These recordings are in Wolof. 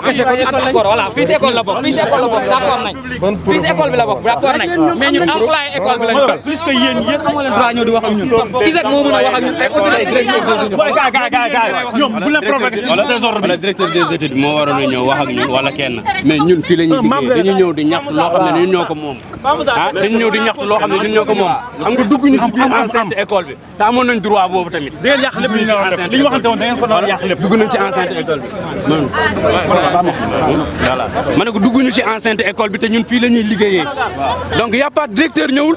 ko kese ko d'accord voilà bokk fii nañ fii si école bokk d'accord nañ mais ñun employé école bi lañ plus que yéen ñun ISEC moo mën a wax ak ñun ay autorité ga ga ga moo waroon a ñëw wax ñun wala kenn mais ñun fii la ñuy liggéey dañuy ñëw di ñaxtu loo xam ne ñoo ko moom ah dañ ñëw di ñaxtu loo xam ne ñun ñoo ko moom xam nga dugg ñu ci biir enceinte école bi te amoon nañ droit boobu tamit da ngeen yàq lépp li ñu waxante woon da ngeen ko doon yàq lépp dugg nañ ci enceinte école bi ne ko dugg ci enceinte école bi te ñun fii la ñuy liggéeyee donc y a pas directeur ñëwul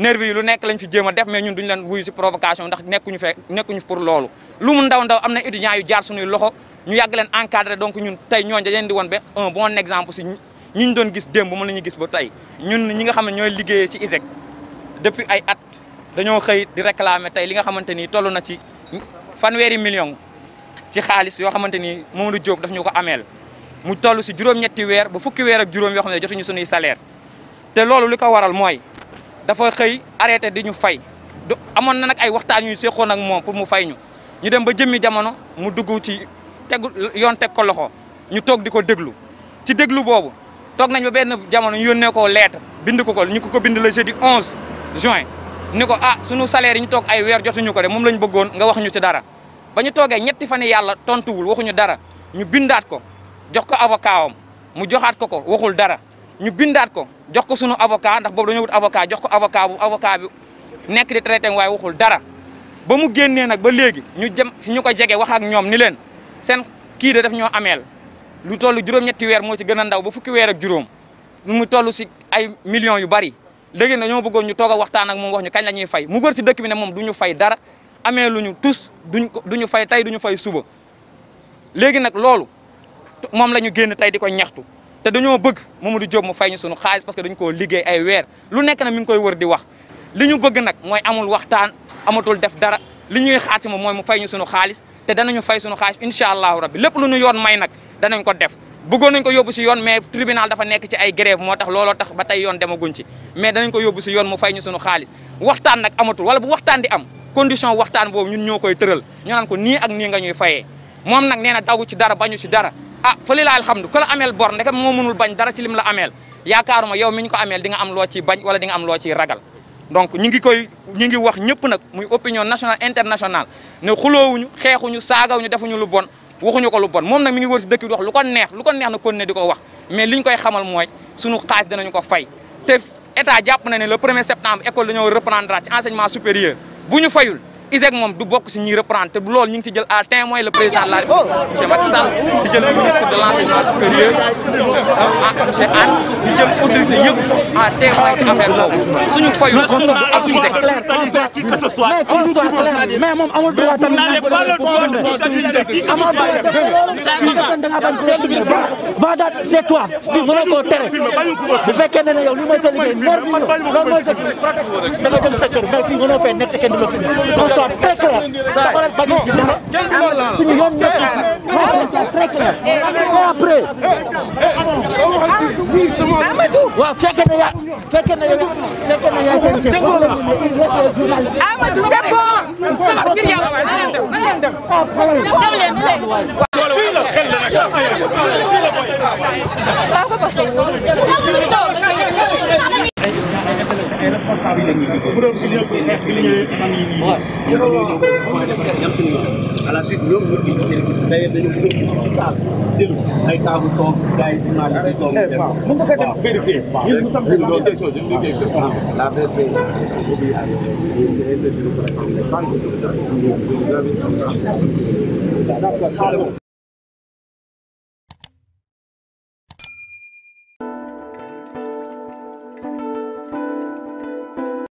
nervi yi lu nekk lañ fi jéem a def mais ñun duñu leen wuyu si provocation ndax nekkuñu fe nekkuñu pour loolu lu mu ndaw ndaw am na étudiants yu jaar suñuy loxo ñu yàgg leen encadré donc ñun tey ñoo dañ leen di won ba un bon exemple si ñi ñu doon gis démb moom la gis ba tey ñun ñi nga xam ne ñooy liggéeyee ci ISEC depuis ay at dañoo xëy di réclamer tey li nga xamante ni toll na ci fan weeri million ci xaalis yoo xamante ni Mamadou Diop daf ñu ko ameel mu tollu si juróom-ñetti weer ba fukki weer ak juróom yoo xam ne jotuñu suñuy salaire te loolu li ko waral mooy dafa xëy arrêté di ñu fay du amoon na nag ay waxtaan yu séqoon ak moom pour mu fay ñu ñu dem ba jëmmi jamono mu dugg ci tegu yoon teg ko loxo ñu toog di ko déglu ci déglu boobu toog nañ ba benn jamono ñu ne ko lettre bind ko ko ñu ko ko bind le jeudi 11 juin ni ko ah sunu salaire yi ñu toog ay weer jotuñu ko de moom lañ bëggoon nga wax ñu ci dara ba ñu toogee ñetti fan yi yàlla tontuwul waxuñu dara ñu bindaat ko jox ko avocat mu joxaat ko ko waxul dara ñu bindaat ko jox ko sunu avocat ndax boobu dañoo wut avocat jox ko avocat bu avocat bi nekk di traité waaye waxul dara ba mu génnee nag ba léegi ñu jëm si ñu ko jege wax ak ñoom ni leen seen kii da daf ñoo ameel lu tollu juróom-ñetti weer moo si gën a ndaw ba fukki weer ak juróom lu mu toll si ay millions yu bari léegi nag ñoo bëggoon ñu toog a waxtaan ak moom wax ñu kañ la fay mu gër si dëkk bi ne moom du ñu fay dara amee lu ñu tus duñ ko du ñu fay tey du ñu fay suba léegi nag loolu moom la génn tey di ko ñaxtu te dañoo bëgg Mamadou Diop mu fay ñu sunu xaalis parce que dañ koo liggéey ay weer lu nekk nag mi ngi koy wër di wax li ñu bëgg nag mooy amul waxtaan amatul def dara li ñuy xaar ci moom mooy mu fay ñu xaalis te danañu fay sunu xaalis incha allahu rabbi lépp lu ñu yoon may nag danañ ko def bëggoon nañ ko yóbbu si yoon mais tribunal dafa nekk ci ay grève moo tax looloo tax ba tey yoon demaguñ ci mais danañ ko yóbbu si yoon mu fay ñu sunu xaalis waxtaan nag amatul wala bu waxtaan di am condition waxtaan boobu ñun ñoo koy tëral ñu nii ak nii nga ñuy fayee moom nag nee na dawu ci dara bañu ci dara ah fële la alhamdu ku la ameel bor ndeke mo mënul bañ dara ci lim la amel yaakaaruma yow miñ ko amel di nga am lo ci bañ wala di nga am lo ci ragal donc ñi ngi koy ñi ngi wax ñepp nak muy opinion national international ne xuloowuñu xeexuñu saagawuñu defuñu lu bon waxuñu ko lu bon mom nak mi ngi wër ci dekk wax lu ko neex lu ko neex na ko ne diko wax mais liñ koy xamal moy suñu xaaj danañu ko fay te état japp na ne le 1er septembre école dañu reprendre ci enseignement supérieur buñu fayul ISEG moom du bokk si ñuy reprendre te loolu ñu ngi si jël à témoin le président de la République monsieur Macky Sall di jël ministre de l' enseignement supérieur ah monsieur Anne di jël autorité yëpp à témoin ci affaire boobu suñu fayu du ak ISEG. mais moom amul droit tamit ba daat c'est toi tu mën koo tere bu fekkee ne yow li mooy sa liggéey loolu mooy sa da nga jël sa kër mais fii mënoo fee nekk kenn du la fi soit très clair. xoolal bagage bi dara. suñu yoon nekk très clair. et après. Amadou. waaw fekk na yaa fekk na yaa fekk na yaa seen chef. Amadou c'est bon. Ay responsable yi la ñuy ñëwee fan yii nii. waaw à la suite ñoom ñoo indi seen kii d'ailleurs dañu bëgg ci saal jël ay taabu toog gars yi si maa ngi toog. waaw mën nga ko def vérifier. waaw yéen ñu sam ko doon question je ne sais pas. la vérité aujourd'hui à l'heure par exemple les banques de